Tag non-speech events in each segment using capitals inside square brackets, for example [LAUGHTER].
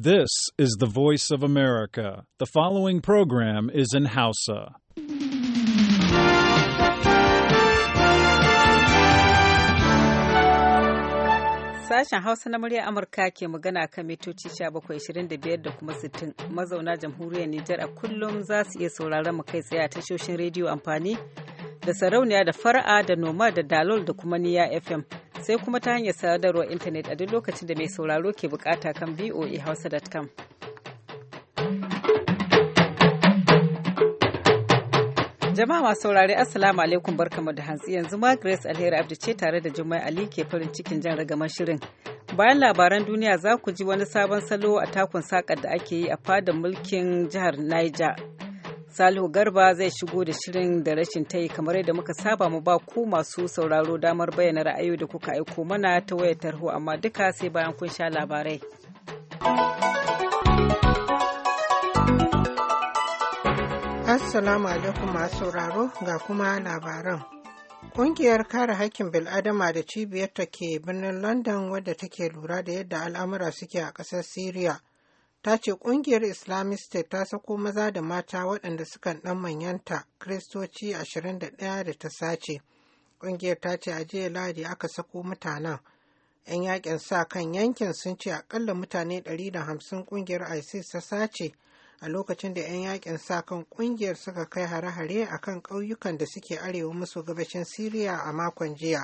This is the voice of America. The following program is in Hausa. Sashen Hausa na murya Amurka ke magana kan mitoci 1725 da kuma 60 mazauna jamhuriyar Nijar a kullum za su iya sauraron mu kai tsaye a tashoshin rediyo amfani da sarauniya da fara'a da noma da dalol da kuma niya FM. sai kuma ta hanyar sadarwar intanet a duk lokacin da mai sauraro ke bukata kan voahausa.com. Jama'a masu saurare Assalamu alaikum barkamu da hantsi yanzu ma Grace Alheri Abdi ce tare da Jummai Ali ke farin cikin jan ragamar shirin. Bayan labaran duniya za ku ji wani sabon salo a takun sakar da ake yi a fadar mulkin jihar Niger Salihu Garba zai shigo da shirin da rashin tayi kamar yadda muka saba mu ba ku masu sauraro damar bayyana ra'ayoyi da kuka aiko mana ta wayar tarho amma duka sai bayan kun sha labarai. Assalamu alaikum masu sauraro ga kuma labaran. Ƙungiyar kare haƙƙin bil'adama da cibiyarta ke birnin London wadda take lura da yadda al'amura suke a ƙasar Siriya ta ce kungiyar islamic state ta sako maza da mata waɗanda sukan ɗan manyanta kristoci 21 da ta sace kungiyar ta ce a jiya Lahadi aka sako mutanen 'yan yakin sa kan yankin sun ce akalla mutane 150 kungiyar isis ta sace a lokacin da 'yan yakin sa kan kungiyar suka kai hare-hare a kan ƙauyukan da suke arewa musu gabashin siriya a makon jiya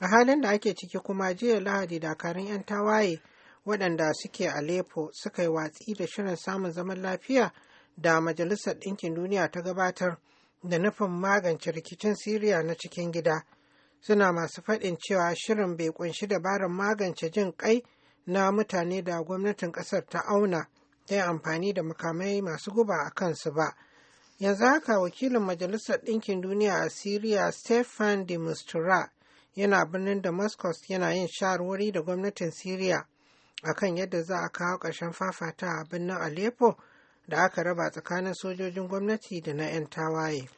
a halin da ake ciki kuma jiya lahadi dakarun 'yan tawaye waɗanda suke Aleppo suka yi watsi da shirin samun zaman lafiya da Majalisar Ɗinkin Duniya ta gabatar da nufin magance rikicin Siriya na cikin gida. Suna masu faɗin cewa shirin bai ƙunshi dabarar magance jin ƙai na mutane da gwamnatin ƙasar ta auna ta yi amfani da makamai masu guba a kansu ba. Yanzu haka wakilin Majalisar Ɗinkin Duniya a Siriya Stefan de Mistura yana birnin Damascus yana yin shawarwari da gwamnatin Siriya a kan yadda za a kawo ƙarshen fafata a birnin Aleppo da aka raba tsakanin sojojin gwamnati da na 'yan tawaye.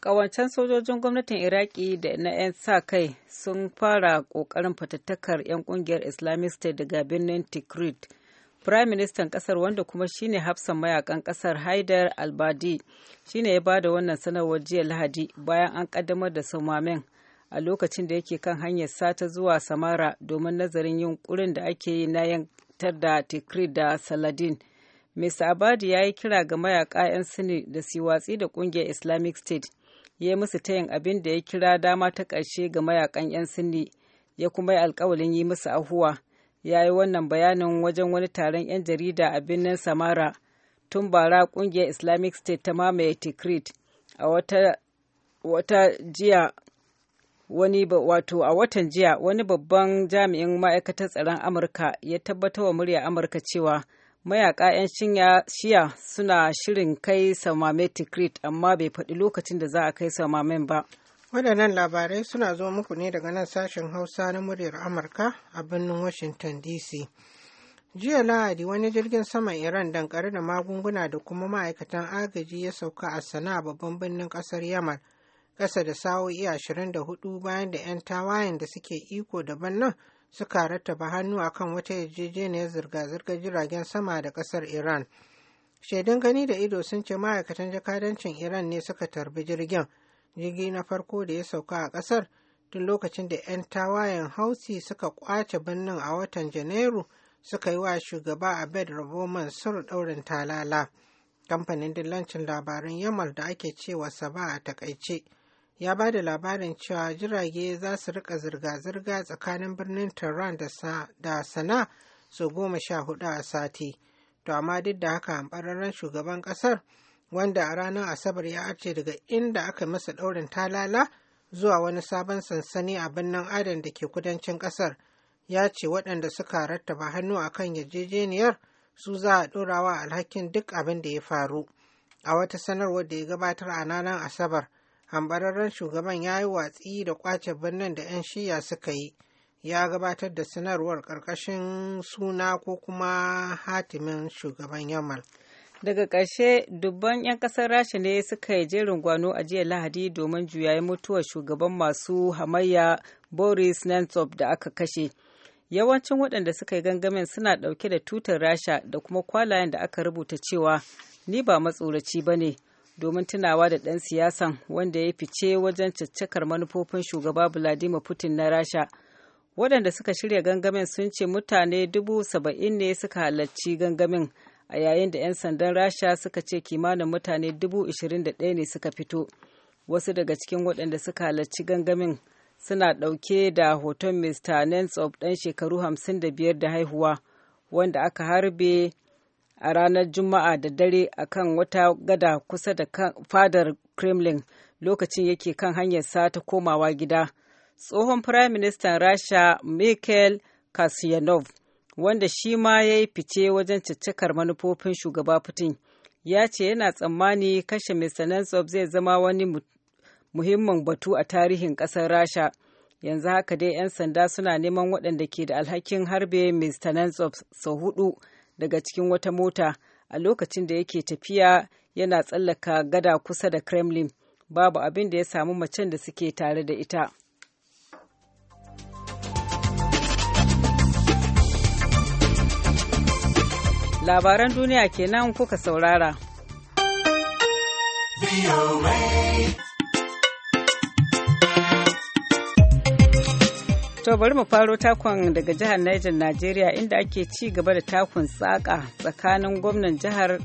Ƙawancen sojojin gwamnatin Iraki da na 'yan sa kai sun fara ƙoƙarin fatattakar 'yan ƙungiyar Islamic daga birnin Tikrit. prime minister kasar wanda kuma shine hafsan mayakan kasar Haidar Albadi shine ya bada wannan sanarwar jiya Lahadi bayan an ƙaddamar da sumamen. a lokacin da yake kan hanyar sata zuwa samara domin nazarin yunƙurin da ake yi na yantar da tikrit da saladin mr abadi ya yi kira ga mayaka 'yan sini da su watsi da kungiyar islamic state ya yi musu tayin abin da ya kira dama ta ƙarshe ga mayakan 'yan sini ya kuma yi alkawalin yi musu ahuwa ya yi wannan bayanin wajen wani taron 'yan jarida a birnin samara tun bara kungiyar islamic state ta mamaye tikrit a wata jiya wani wato a watan jiya wani babban jami'in ma'aikatar tsaron amurka ya tabbatar wa murya amurka cewa mayaka 'yan shiya suna shirin kai samame tikrit amma bai faɗi lokacin da za a kai samamen ba waɗannan labarai suna zo muku ne daga nan sashen hausa na muryar amurka a birnin washington dc jiya lahadi wani jirgin saman iran dankare da magunguna da kuma ma'aikatan agaji ya sauka a sana'a babban birnin ƙasar yamal ƙasa da sa'o'i 24 bayan da 'yan tawayen da suke iko daban nan suka rattaba hannu a kan wata yarjejeniyar zirga zirga jiragen sama da ƙasar iran shaidun gani da ido sun ce ma'aikatan jakadancin iran ne suka tarbi jirgin jirgi na farko da ya sauka a ƙasar tun lokacin da 'yan tawayen hausi suka kwace birnin a watan janairu suka yi wa shugaba abed rabo mansur ɗaurin talala kamfanin dillancin labaran yamal da ake cewa saba a takaice ya ba da labarin cewa jirage za su rika zirga-zirga tsakanin birnin tehran da sana su goma sha hudu a sati to amma duk da haka ambararren shugaban kasar wanda a ranar asabar ya arce daga inda aka masa daurin talala zuwa wani sabon sansani a birnin adan da ke kudancin kasar ya ce waɗanda suka rattaba hannu a kan yarjejeniyar su za a ɗorawa alhakin duk abin da ya faru a wata sanarwar da ya gabatar a ranar asabar hambararren shugaban ya yi watsi da kwace birnin da 'yan shiya suka yi ya gabatar da sanarwar ƙarƙashin suna ko kuma hatimin shugaban yamal daga ƙarshe dubban 'yan ƙasar rasha ne suka yi jerin gwano a jiya lahadi domin juyayi mutuwar shugaban masu hamayya boris nemtsov da aka kashe yawancin waɗanda suka yi gangamin suna ɗauke da tutar rasha da kuma kwalayen da aka rubuta cewa ni ba matsoraci ba ne domin tunawa da ɗan siyasan wanda ya fice wajen caccakar manufofin shugaba Vladimir Putin na Rasha. Waɗanda suka shirya gangamin sun ce mutane dubu saba'in ne suka halarci gangamin a yayin da 'yan sandan Rasha suka ce kimanin mutane dubu ishirin da ɗaya ne suka fito. Wasu daga cikin waɗanda suka halarci gangamin suna ɗauke da hoton Mr. Nensop ɗan shekaru hamsin da biyar da haihuwa wanda aka harbe a ranar Juma'a da dare a kan wata gada kusa da fadar Kremlin lokacin yake kan hanyarsa ta komawa gida. Tsohon Firaministan Rasha Mikhail Kasyanov, wanda shi ma ya yi fice wajen caccakar manufofin shugaba Putin, ya ce yana tsammani kashe Mr. zai zama wani muhimmin batu a tarihin ƙasar Rasha. Yanzu haka dai 'yan sanda suna neman waɗanda ke da alhakin harbe Mr. Nensov sau hudu. daga cikin wata mota a lokacin da yake tafiya yana tsallaka gada kusa da kremlin babu abin da ya samu macen da suke tare da ita labaran duniya kenan kuka saurara. To bari mu faro takon daga jihar Niger Najeriya inda ake ci gaba da takon tsaka tsakanin gwamnan jihar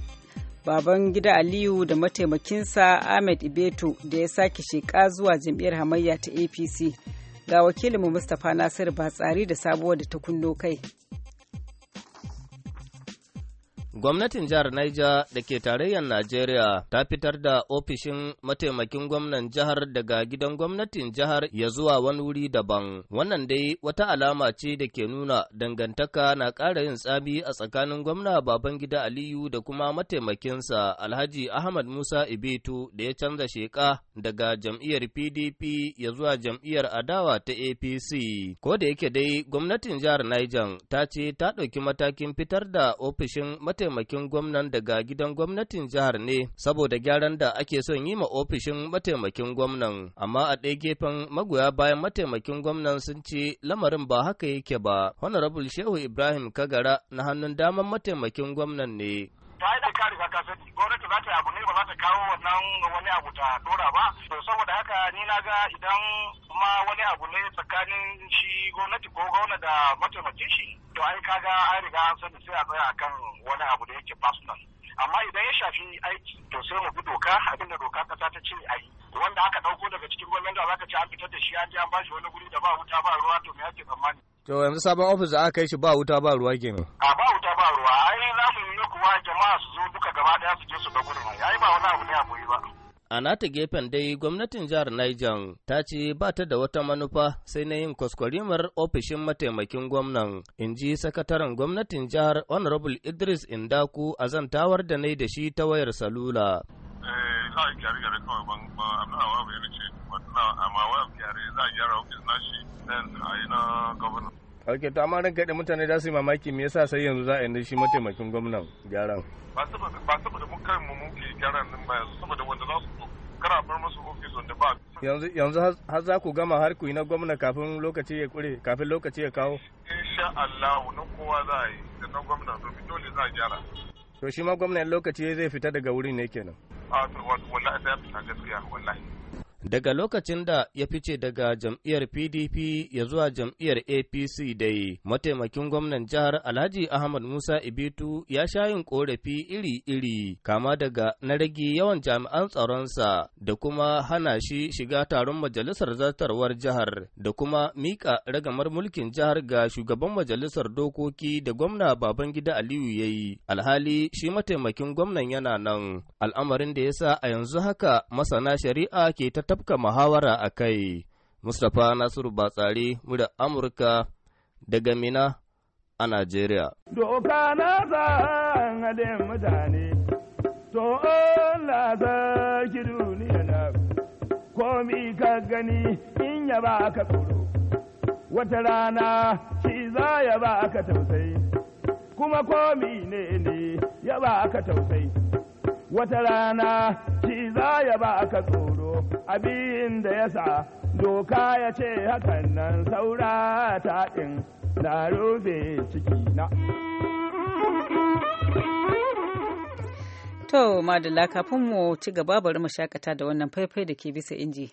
baban gida Aliyu da mataimakinsa Ahmed Ibeto da ya sake sheka zuwa jam'iyyar hamayya ta APC. Ga wakilinmu Mustapha Nasiru ba tsari da sabuwar da ta kunno kai. Gwamnatin jihar Niger da ke tarayyar Najeriya ta fitar da ofishin mataimakin gwamnan jihar daga gidan gwamnatin jihar ya zuwa wani wuri daban. Wannan dai wata alama ce da ke nuna dangantaka na ƙara yin tsami a tsakanin gwamna Babangida Aliyu da kuma mataimakinsa Alhaji Ahmad Musa Ibitu da ya canza sheka, daga jam'iyyar PDP ya zuwa jam'iyyar adawa ta APC. Ko da yake dai gwamnatin jihar Niger ta ce ta ɗauki matakin fitar da ofishin mataimakin mataimakin gwamnan daga gidan gwamnatin jihar ne saboda gyaran da ake son yi ma ofishin mataimakin gwamnan, amma a ɗaya gefen magoya bayan mataimakin gwamnan sun ce lamarin ba haka yake ba. Honorable Shehu Ibrahim Kagara na hannun daman mataimakin gwamnan ne. ka riga ka sani gwamnati za ta yi abu ne ba za ta kawo wannan wani abu ta dora ba to saboda haka ni na ga idan ma wani abu ne tsakanin shi gwamnati ko gwamna da mataimakin shi to ai kaga an riga an sani sai a tsaya akan wani abu da yake personal amma idan ya shafi aiki to sai mu bi doka abinda doka kasa ta ce a yi wanda aka ɗauko daga cikin gwamnati za ka ci an fitar da shi an je an bashi wani guri da ba wuta ba ruwa to me ake tsammani To yanzu sabon ofis da aka kai shi ba wuta ba ruwa kenan. A ba wuta ba ruwa, ai za mu yi kuwa jama'a su zo duka gaba daya su je su ga gurin ai ba wani abu ne a boye ba. A nata gefen dai gwamnatin jihar Niger ta ce ba ta da wata manufa sai na yin kwaskwarimar ofishin mataimakin gwamnan, in ji sakataren gwamnatin jihar Honorable Idris Indaku a zantawar da na da shi ta wayar salula. Eh, za a yi gyare-gyare kawai ban amma za a gyara ofis nashi then a yi na gwamna. ok to amma ran kaɗe mutane za su yi mamaki me yasa sai yanzu za a yi shi mataimakin gwamnan gyaran. ba saboda mun kai mu muke gyaran nan ba yanzu saboda wanda za su kara bar musu ofis wanda ba. yanzu yanzu har za ku gama har ku yi na gwamna kafin lokaci ya kure kafin lokaci ya kawo. insha Allah na kowa za a yi da na gwamna domin dole za a gyara. to shi ma gwamnan lokaci zai fita daga wurin ne kenan. a to wallahi sai ya fita gaskiya wallahi. Daga lokacin da ya fice daga jam'iyyar PDP ya zuwa jam'iyyar APC dai, mataimakin gwamnan jihar Alhaji Ahmad Musa Ibitu ya sha yin korafi iri-iri, kama daga na rage yawan jami'an tsaronsa da kuma hana shi shiga taron majalisar zartarwar jihar da kuma mika ragamar mulkin jihar ga shugaban majalisar dokoki da gwamna Babangida Aliyu ya yi, alhali shi mataimakin gwamnan yana nan, al'amarin da ya sa a yanzu haka masana shari'a ke ta tafka muhawara a kai. Mustapha Nasiru Batsari, murya Amurka daga Mina a Najeriya. Doka na zan haɗin mutane, to Allah ki duniya na komi ka gani in ya ba tsoro, wata rana shi za ya ba ka tausayi, kuma komi ne ne ya ba tausayi. wata rana shi za ya ba ka tsoro abin da ya sa doka ya ce hakan nan saura ta ɗin na rufe ciki na. To, Madalla, kafin mu ci gaba bari mu shakata da wannan faifai da ke bisa inji.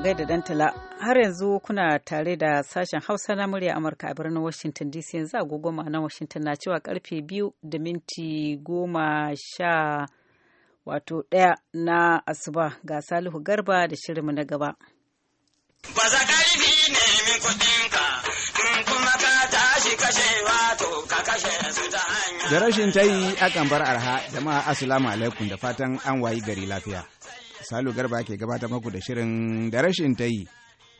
gai da dantala har yanzu kuna tare da sashen hausa na murya amurka a birnin washington dc yanzu agogo ma'ana washington na cewa karfe biyu da minti goma sha wato daya na asuba ga salihu garba da shirinmu na gaba da ƙarfi ta yi da rashin tayi akan bar arha jama'a asalamu alaikum da fatan an wayi gari lafiya Salu Garba ke gabata maku da shirin da rashin ta yi.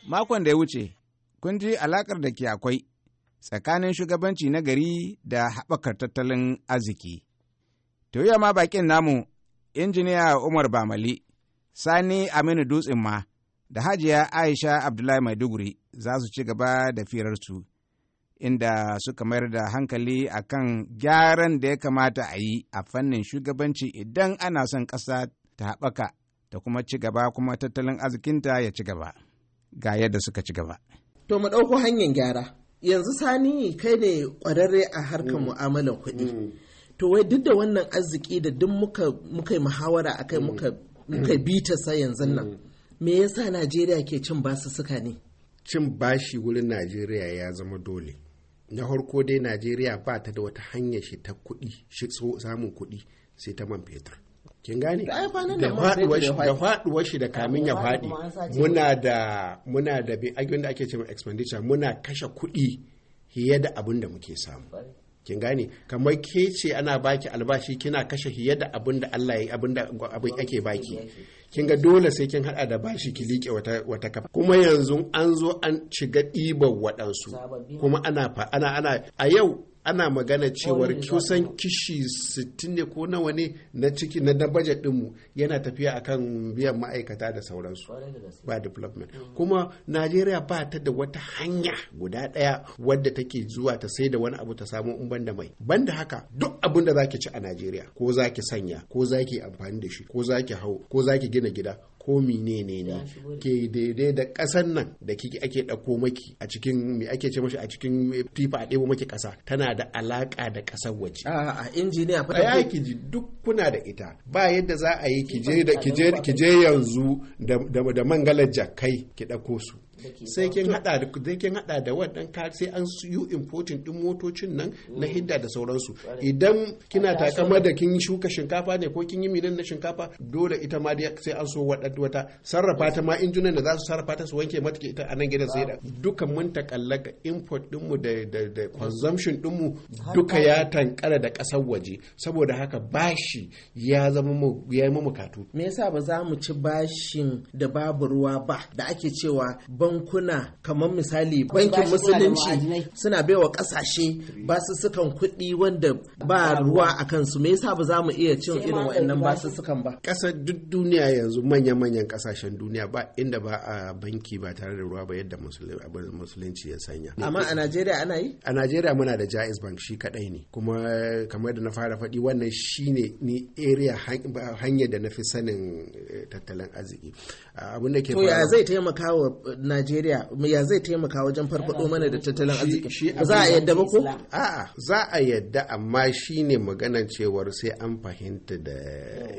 Makon da ya wuce, kun ji alakar da ke akwai tsakanin shugabanci na gari da haɓakar tattalin arziki. To yau ma bakin namu, injiniya Umar Bamali, Sani Aminu Dutsen ma, da Hajiya Aisha Abdullahi Maiduguri za su ci gaba da firarsu, inda suka mayar da hankali a kan gyaran da ya kamata a yi a fannin shugabanci idan ana son ƙasa ta haɓaka ta kuma ci gaba kuma tattalin arzikinta ya ci gaba ga yadda suka ci gaba. To mu ɗauko hanyar gyara. Yanzu sani kai ne ƙwararre a harkar mm. mu'amalar kuɗi. Mm. To wai duk da wannan arziki da duk muka muka muhawara akai mm. muka bita sa yanzu nan. Me yasa Najeriya ke cin basu suka ne? Cin bashi wurin Najeriya ya zama dole. Na farko dai Najeriya ba ta da wata hanyar shi ta kuɗi, shi samun kuɗi sai ta man fetur. kin gane da faduwar shi da kamin ya fadi muna da muna da bi da ake cewa expenditure muna kashe kuɗi fiye da abin da muke samu kin gane kamar ke ce ana baki albashi kina kashe fiye da abin da Allah ya abin da abin ake baki kin ga dole sai kin hada da bashi ki liƙe wata wata kafa kuma yanzu an zo an shiga ɗiban waɗansu kuma ana ana ana a yau ana magana cewar kusan kishi 60 ne ko nawa ne na ciki na da budget dinmu yana tafiya akan biyan ma'aikata da sauransu ba development mm. kuma najeriya ba ta da wata hanya guda daya wadda take zuwa ta sai da wani abu ta samu in banda mai banda haka duk abin da zaki ci a najeriya ko zaki sanya ko zaki amfani da shi ko zaki hau ko zaki gina gida ko mine ne ke daidai da ƙasan nan da kike ake ɗauko maki a cikin me ake ce mashi a cikin tifa a ɗebo maki ƙasa tana da alaƙa da ƙasar waje a injiniya fa ya ki duk kuna da ita ba yadda za a yi ki je yanzu da mangalar jakai ki ɗauko su sai kin hada da sai kin hada da wannan ka sai an yi importing din motocin nan na mm. hidda da sauransu idan kina takama da kin shuka shinkafa ne ko kin yi minan na shinkafa dole ita ma sai an so wata sarrafa ta ma injunan da za su sarrafa ta su wanke mata ita a nan gidan sai da dukan mun takallaka import din mu da da consumption din mu duka ya tankara da kasar waje saboda haka bashi ya zama mu ya yi mu katu me yasa ba za mu ci bashin da babu ruwa ba da ake cewa bankuna kamar misali bankin musulunci suna baiwa kasashe sukan kuɗi wanda ba ruwa a kansu me yasa ba za mu iya cin irin waɗannan sukan ba ƙasar duk duniya yanzu manya-manyan ƙasashen duniya ba inda ba a banki ba tare da ruwa ba yadda musulunci ya sanya amma a Najeriya ana yi a Najeriya muna da Jaiz Bank shi kadai ne kuma kamar da na fara faɗi wannan shine ni area hanyar da na fi sanin eh, tattalin arziki ah, abin da ke to ya zai taimaka wa Najeriya ya zai taimaka wajen farfado mana da tattalin arziki za a yadda ba ko a'a za a yadda amma shine maganar cewar sai an fahimta da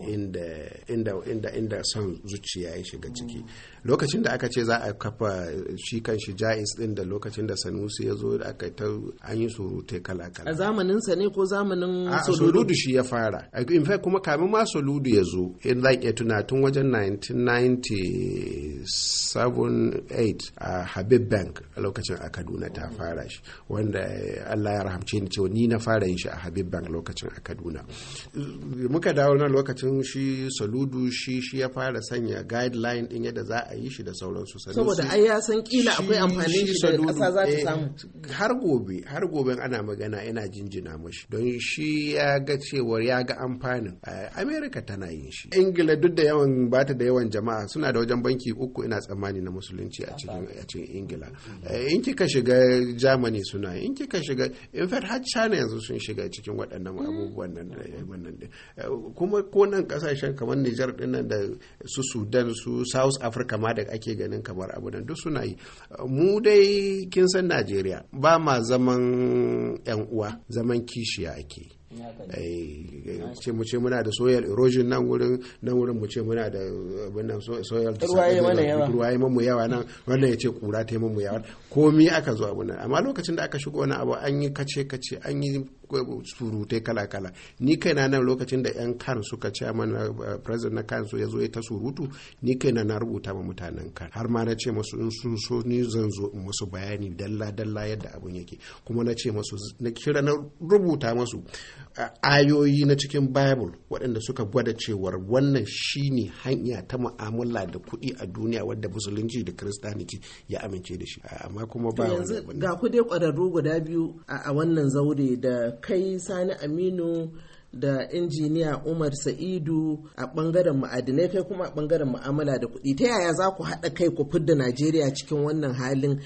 inda inda inda son zuciya ya shiga ciki lokacin da aka ce za a kafa shi kan shi ja'is din da lokacin da sanusi ya zo da aka ta an yi surutai kala kala a zamanin sa ne ko zamanin soludu shi ya fara in fact kuma kamin ma soludu ya zo in zan iya tuna tun wajen 1997-8 a habib bank a lokacin a kaduna ta fara shi wanda allah ya rahamce ni cewa ni na fara yin shi a habib bank lokacin a kaduna muka dawo nan lokacin shi saludu shi shi ya fara sanya guideline din yadda za a a yi shi da sauransu saboda ai ya san kila akwai amfani shi da kasa za ta eh, samu har gobe har gobe ana magana ina jinjina mashi don shi ya ga cewar ya ga amfanin america tana yin shi ingila duk da yawan bata da yawan jama'a suna da wajen banki uku ina tsammani na musulunci a cikin a cikin ingila eh, in kika shiga germany suna in kika shiga in fact har china yanzu sun shiga cikin waɗannan mm. abubuwan nan wannan eh, kuma ko nan kasashen kamar niger din nan da su sudan su south africa ma da ake ganin kamar abu nan duk suna yi mu dai kin san najeriya ba ma zaman yan uwa zaman kishiya ake eh, ce mu ce muna da soil erosion nan wurin nan wurin mu ce muna da wannan soil ruwaye mamu yawa nan wannan ya ce kura ta mamu yawa komi aka zo abu nan amma lokacin da aka shigo wani abu an yi kace kace an yi surutai kala-kala ni kaina nan lokacin da 'yan kan suka ce mana uh, president na kan su ya zo ya ta surutu ni kaina na rubuta ma mutanen kan har ma na ce masu in sun so ni zan zo in musu bayani dalla-dalla yadda abun yake kuma na ce masu na kira na rubuta masu uh, ayoyi na cikin bible waɗanda suka gwada cewar wannan shine hanya ta mu'amala da kuɗi a duniya wadda musulunci da kiristaniti ya amince da shi amma kuma ba yanzu ga ku dai ƙwararru guda biyu a wannan zaure da kai sani aminu da injiniya umar sa'idu a bangaren ma'adinai kai kuma a bangaren mu'amala da kuɗi ta yaya za ku haɗa kai ku fidda najeriya cikin wannan halin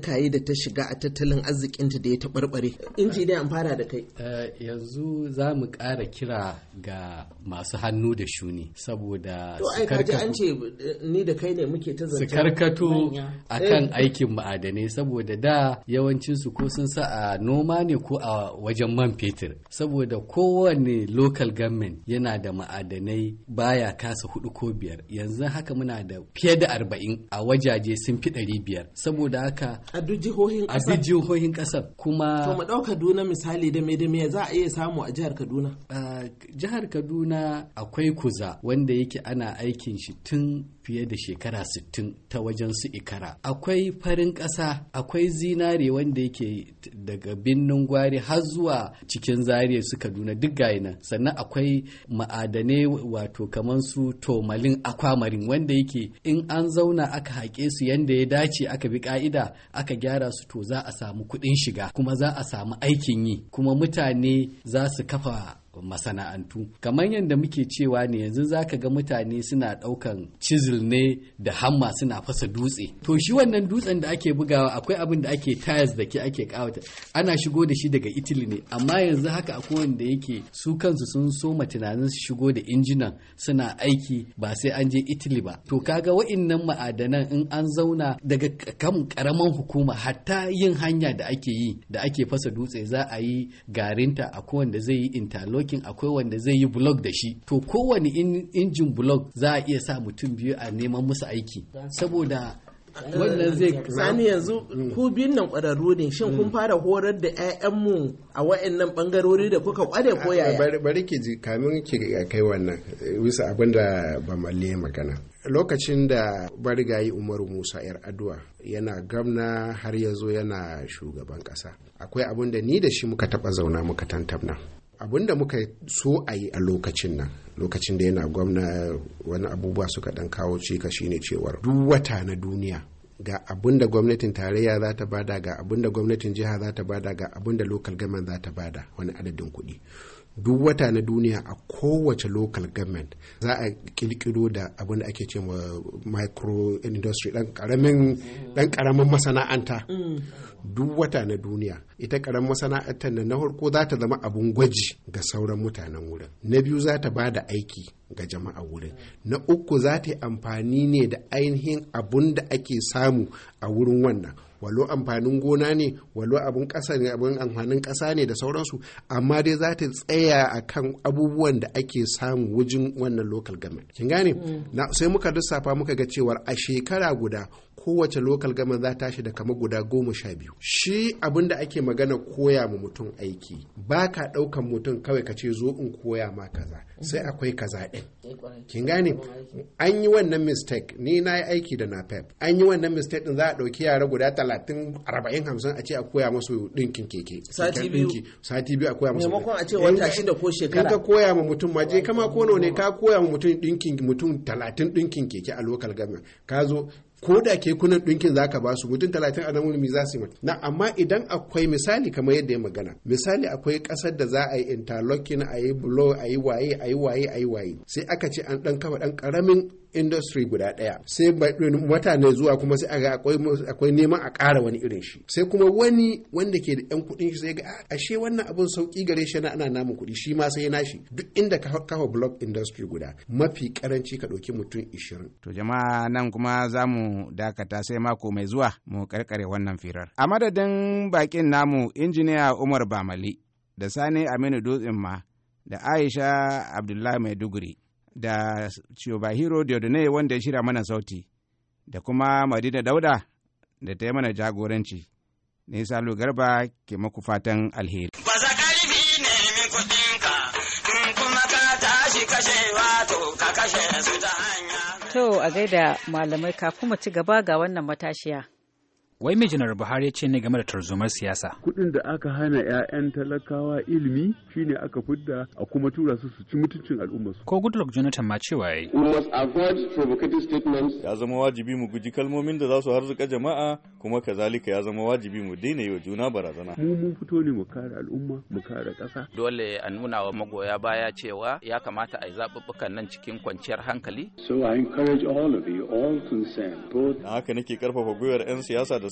kayi da ta shiga a tattalin arzikinta da ya taɓarɓare injiniya an fara da kai eh, yanzu za mu ƙara kira ga masu hannu da shuni saboda to an ce eh, ni da kai ne muke ta zance su karkato eh. kan aikin ma'adanai saboda da yawancinsu ko sun sa a noma ne ko a wajen man fetur saboda kowane local government yana da ma'adanai baya kasa hudu ko biyar yanzu haka muna da fiye da arba'in a wajaje sun fi ɗari biyar saboda haka a duk jihohin kasar kuma to mu dauka Kaduna misali da me da me za a iya samu a jihar Kaduna ah, jihar Kaduna akwai kuza wanda yake ana aikin shi tun fiye da shekara 60 ta wajen su ikara akwai farin ƙasa akwai zinare wanda yake daga binnin gwari har zuwa cikin zariya su kaduna duk gayi nan sannan akwai ma'adanai wato kamar su tomalin akwamarin wanda yake in an zauna aka haƙe su yanda ya dace aka bi ka'ida aka gyara su to za a samu kuɗin shiga kuma za a samu aikin yi kuma mutane za su kafa masana'antu kamar yadda muke cewa ne yanzu zaka ga mutane suna ɗaukan cizil ne da hamma suna fasa dutse to shi wannan dutsen da ake bugawa akwai abin da ake tiles da ke ake kawata ana shigo da shi daga italy ne amma yanzu haka akwai wanda yake su kansu sun soma tunanin su shigo da injinan suna aiki ba sai an je italy ba to kaga wa'innan ma'adanan in an zauna daga kan karaman hukuma hatta yin hanya da ake yi da ake fasa dutse za a yi garinta akwai wanda zai yi interlock networking akwai wanda zai yi blog da shi to kowane injin blog za a iya sa mutum biyu a neman musu aiki saboda wannan zai [LAUGHS] sani yanzu mm. ku biyun nan kwararru ne shin kun mm. fara horar da 'ya'yanmu a wa'annan bangarori da kuka kware ko yaya bari ki ji kamin ki kai wannan bisa abin da ba malle magana lokacin da barigayi umaru musa yar aduwa, yana gamna har yazo yana shugaban ƙasa. akwai abin da ni da shi muka taba zauna muka tantamna abin da muka so a yi a lokacin nan lokacin da yana gwamna wani abubuwa suka dan kawo cika shine cewar duk wata na duniya ga abin da gwamnatin tarayya za ta bada ga abin da gwamnatin jiha za ta bada ga abin da local government za ta bada wani adadin kuɗi duk wata na duniya a kowace local government za a kirkiro da abin da ake cewa micro industry dan karamin masana'anta mm. duk wata na duniya ita karamin masana'antar na farko za ta zama abun gwaji ga sauran mutanen wurin na biyu za ta ba da aiki ga jama'a wurin na uku za ta yi amfani ne da ainihin abun da ake samu a wurin wannan walau amfanin gona ne walau abin ƙasa ne abin amfanin ƙasa ne da sauransu amma dai za ta tsaya a kan abubuwan da ake samu wajen wannan local government kin gane mm. sai muka lissafa muka ga cewar a shekara guda kowace local government za ta shi da kama guda goma sha biyu shi abin da ake magana koya ma mutum aiki ba ka ɗaukan mutum kawai ka ce zo in koya ma kaza sai akwai kaza ɗin kin gani an yi wannan mistake ni na yi aiki da napep an yi wannan mistake din za a ɗauki yara guda talatin arba'in hamsin a ce a koya musu ɗinkin keke sati biyu biyu a koya musu maimakon a ce wata shida ko shekara in ka koya ma mutum ma je kama ko ne ka koya ma mutum ɗinkin mutum talatin ɗinkin keke a lokal gama ka zo ko da ke kekunan ɗinkin zaka ba su mutum talatin a nan wani za su yi na amma idan akwai misali kamar yadda ya magana misali akwai ƙasar da za a yi interlocking a yi blow a yi waye a yi waye a yi waye sai aka ce an ɗan kafa ɗan ƙaramin industry guda ɗaya sai mutane zuwa kuma sai aga akwai neman a ƙara wani irin shi sai kuma wani wanda ke da 'yan kuɗin shi sai ga ah, ashe wannan abun sauƙi gare shi ana namu kuɗi shi ma sai nashi duk inda ka kafa block industry guda mafi karanci ka ɗauki mutum 20. To jama'a nan kuma za mu dakata sai mako mai zuwa mu karkare wannan firar. A madadin bakin namu injiniya Umar Bamali da Sani Aminu Dutsen ma da Aisha Abdullahi Maiduguri da Shubahiro Diodone wanda ya shirya mana sauti da kuma Madina Dauda da ta yi mana jagoranci. Nisa Garba ke maku fatan alheri. To a gaida malamai kafin mu ci gaba ga wannan matashiya. Wai mai janar Buhari ce ne game da tarzomar siyasa. Kuɗin da aka hana 'ya'yan talakawa ilimi shine aka fidda a kuma tura su su ci mutuncin al'ummarsu. Ko Goodluck Jonathan ma cewa yayi. Ya zama wajibi mu guji kalmomin da za su harzuka jama'a kuma kazalika ya zama wajibi mu daina yi wa juna barazana. Mu mun fito ne mu kare al'umma mu kare ƙasa. Dole a nuna wa magoya baya cewa ya kamata a yi zaɓuɓɓukan nan cikin kwanciyar hankali. So I encourage all of you all concerned. Both... haka nake karfafa gwiwar 'yan siyasa da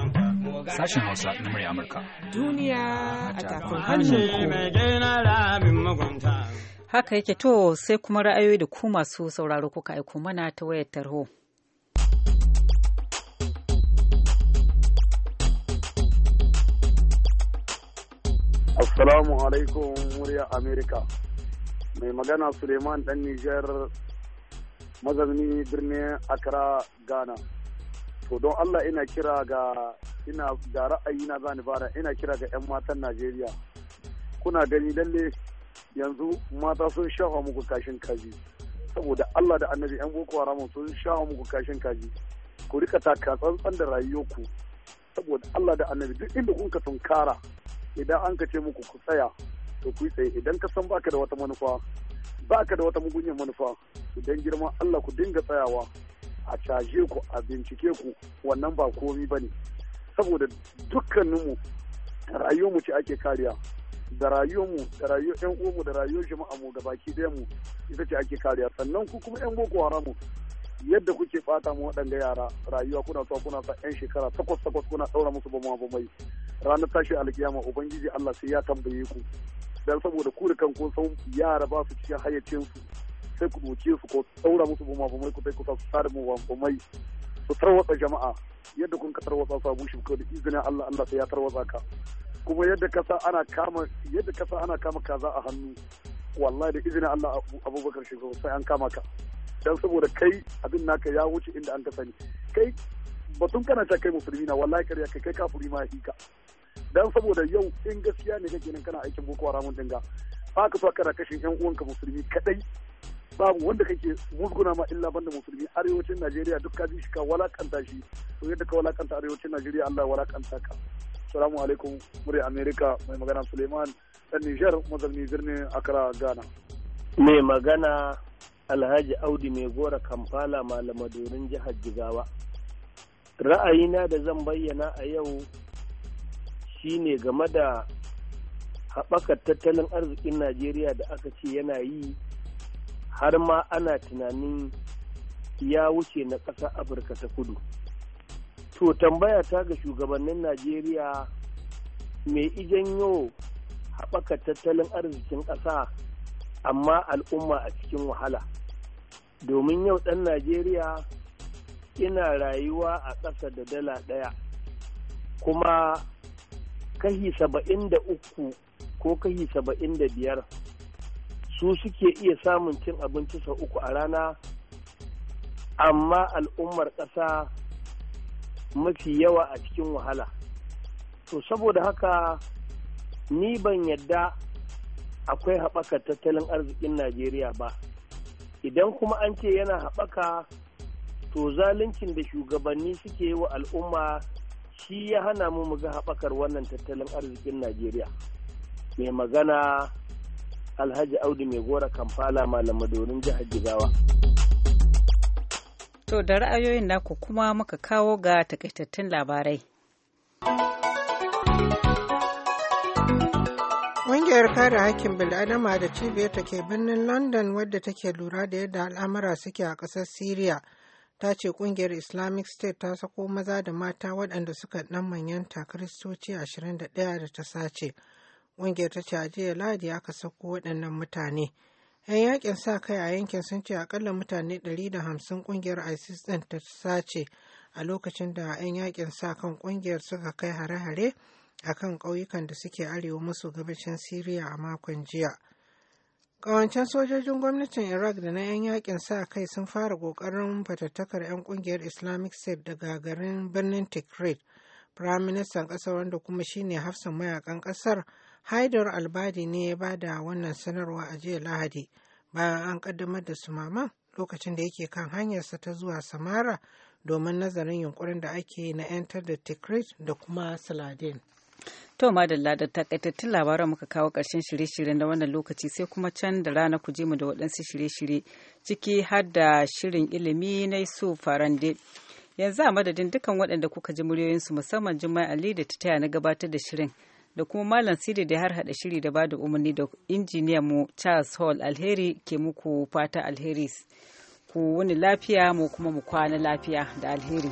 sashen Hausa na murya Amurka. Duniya a tafin hannunku. Haka yake to sai kuma ra'ayoyi da ku masu sauraro kuka aiko mana ta wayar tarho. Assalamu alaikum murya Amerika. Mai magana Suleiman ɗan Nijar mazauni birnin Accra, Ghana. To don Allah ina kira ga ina ga ra'ayi na zani bara ina kira ga 'yan matan najeriya kuna gani lalle yanzu mata sun shafa muku kashin kaji saboda allah da annabi 'yan boko haram sun shafa muku kashin kaji ku rika taka tsantsan da rayuwarku saboda allah da annabi duk inda kun ka kara idan an ka ce muku ku tsaya to ku tsaye idan ka san baka da wata manufa baka da wata mugunyan manufa idan girma allah ku dinga tsayawa a caje ku a bincike ku wannan ba komi bane saboda dukkaninmu rayuwarmu ce ake kariya da rayuwarmu da rayuwar yan uwanmu da rayuwar jama'a mu da baki ɗaya mu ita ce ake kariya sannan ku kuma yan boko haramu yadda kuke fata mu waɗanda yara rayuwa kuna sa kuna sa yan shekara takwas takwas kuna ɗaura musu bama mai ranar tashi alkiyama ubangiji Allah sai ya tambaye ku dan saboda ku da kanku sau yara ba su cikin hayyacin su sai ku doke su ko ɗaura musu bama mai ku sai ku sa su sare mu mai. ku tarwatsa jama'a yadda kun ka tarwatsa sabu shi ko da izinin Allah Allah sai ya tarwatsa ka kuma yadda kasa ana kama yadda kasa ana kama kaza a hannu wallahi da izinin Allah abubakar shi sai an kama ka dan saboda kai abin naka ya wuce inda an ka sani kai batun kana ta kai musulmi na wallahi kariya kai kai kafuri ma hika dan saboda yau in gaskiya ne kake nan kana aikin boko haramun dinga ba ka so kana kashin yan uwanka musulmi kadai babu wanda kake musguna ma illa banda musulmi arewacin najeriya duk ka ji shi ka walakanta shi to yadda ka walakanta arewacin najeriya allah walakanta ka salamu alaikum murya america mai magana suleiman dan niger mazalmi birnin akara ghana mai magana alhaji audi mai gora kampala malamadorin jihar jigawa ra'ayina da zan bayyana a yau shine game da haɓakar tattalin arzikin najeriya da aka ce yana yi har ma ana tunanin ya wuce na ƙasa afirka ta kudu to tambaya ta ga shugabannin najeriya mai ijanyo haɓaka tattalin arzikin ƙasa amma al'umma a cikin wahala domin yau ɗan najeriya ina rayuwa a ƙasa da dala ɗaya kuma kahi saba'in da uku ko kahi saba'in da biyar su suke iya samun cin abinci sau uku a rana amma al'ummar ƙasa mafi yawa a cikin wahala to saboda haka ni ban yadda akwai haɓaka tattalin arzikin najeriya ba idan kuma an ce yana haɓaka to zaluncin da shugabanni suke yi wa al'umma shi ya hana mu muga haɓakar wannan tattalin arzikin najeriya mai magana alhaji audu mai gora kamfala malamadorin jihar jigawa to da ra'ayoyin naku kuma muka kawo ga takaitattun labarai Ƙungiyar kare hakkin bil'adama da cibiyar ta ke birnin London wadda take lura da yadda al'amura suke a ƙasar Siriya ta ce ƙungiyar Islamic State ta sako maza da mata waɗanda suka ɗan manyanta Kiristoci 21 da ta sace. ƙungiyar ta ce a jiya lahadi aka sako waɗannan mutane. 'Yan yakin sa kai a yankin sun ce akalla mutane 150 ƙungiyar ISIS ɗin ta sace a lokacin da 'yan yakin sa kan ƙungiyar suka kai hare-hare a kan ƙauyukan da suke arewa musu gabashin Siriya a makon jiya. Ƙawancen sojojin gwamnatin Iraq da na 'yan yakin sa kai sun fara ƙoƙarin fatattakar 'yan ƙungiyar Islamic State daga garin birnin Tikrit. Firaministan ƙasar wanda kuma shine hafsan mayakan ƙasar haidar albadi ne ya bada wannan sanarwa a jiya lahadi bayan an kaddamar da sumaman lokacin da yake kan hanyarsa ta zuwa samara domin nazarin yunkurin da ake na 'yantar da tikrit da kuma saladin To madalla da takaitattun labaran muka kawo ƙarshen shirye-shiryen na wannan lokaci sai kuma can da rana ku je mu da waɗansu shirye-shirye ciki har da shirin ilimi na su farande. Yanzu a madadin dukkan waɗanda kuka ji muryoyinsu musamman Jummai Ali da ta taya na gabatar da shirin. da kuma Malam Sidi da har hada shiri da ba da umarni da injiniyan mu Charles Hall alheri ke muku fata alheri ku wani lafiya mu kuma mu kwana lafiya da alheri.